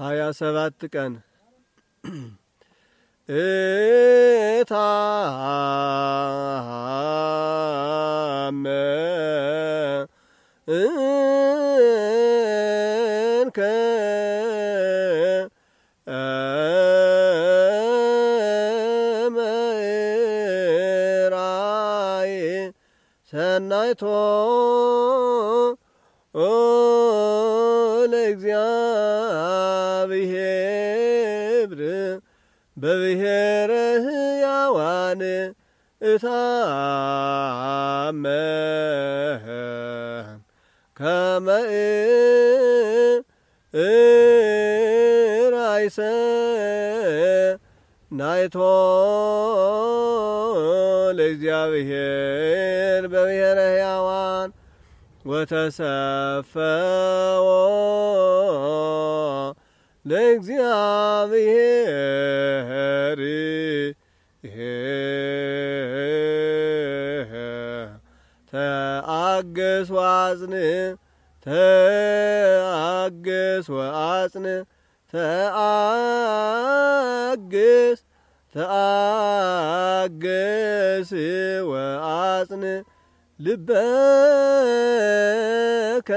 ሀያ ሰባት ቀን እታመ እንከ መራይ ሰናይቶ እግዚአብሔር በብሔረ ሕያዋን እታመ ከመእ እራይሰ ናይቶ ለእግዚአብሔር በብሔረ ሕያዋን ወተሰፈወ ለእግዚአብሔር ተአገስ አጽን ተአገስ ወአጽን ተአግስ ተአገስ ወአጽን ልበከ